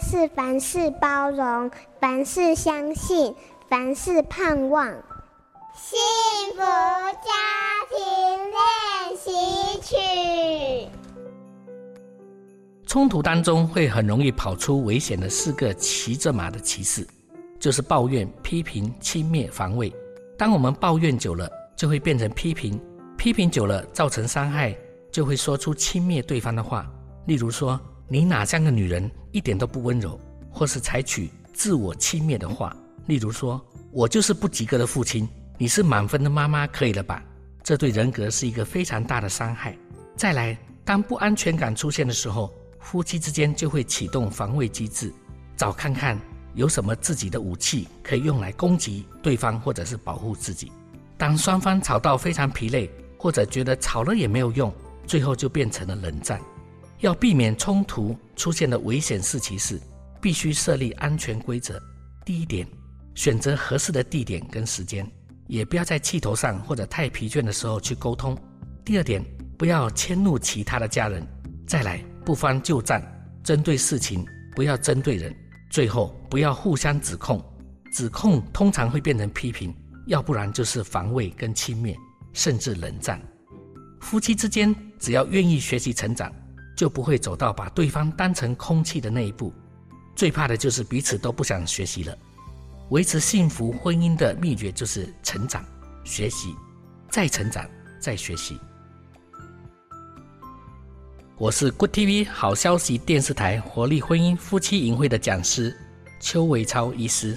是凡事包容，凡事相信，凡事盼望。幸福家庭練習曲。衝突當中會很容易跑出危險的四個騎着馬的騎士，就是抱怨、批評、輕蔑、防衛。當我們抱怨久了，就會變成批評；批評久了，造成傷害，就會說出輕蔑對方的話。例如說，你哪像個女人，一點都不溫柔，或是採取自我輕蔑的話，例如說“我就是不及格的父親，你是滿分的媽媽”，可以了吧？這對人格是一個非常大的傷害。再來，當不安全感出現的時候，夫妻之間就會啟動防衛機制，找看看有什麼自己的武器可以用來攻擊對方，或者是保護自己。當雙方吵到非常疲累，或者覺得吵了也沒有用，最後就變成了冷戰。要避免衝突出現的危險事起時必須設立安全規則。第一點，選擇合適的地點跟時間，也不要在氣頭上或者太疲倦的時候去溝通。第二點，不要遷怒其他的家人。再來，不翻舊賬，針對事情，不要針對人。最後，不要互相指控，指控通常會變成批評，要不然就是防衛跟輕蔑，甚至冷戰。夫妻之間只要願意學習成長，就不會走到把對方當成空氣的那一步。最怕的就是彼此都不想學習了。維持幸福婚姻的秘訣就是成長、學習，再成長、再學習。我是 Good TV 好消息電視台活力婚姻夫妻營會的講師邱維超醫師。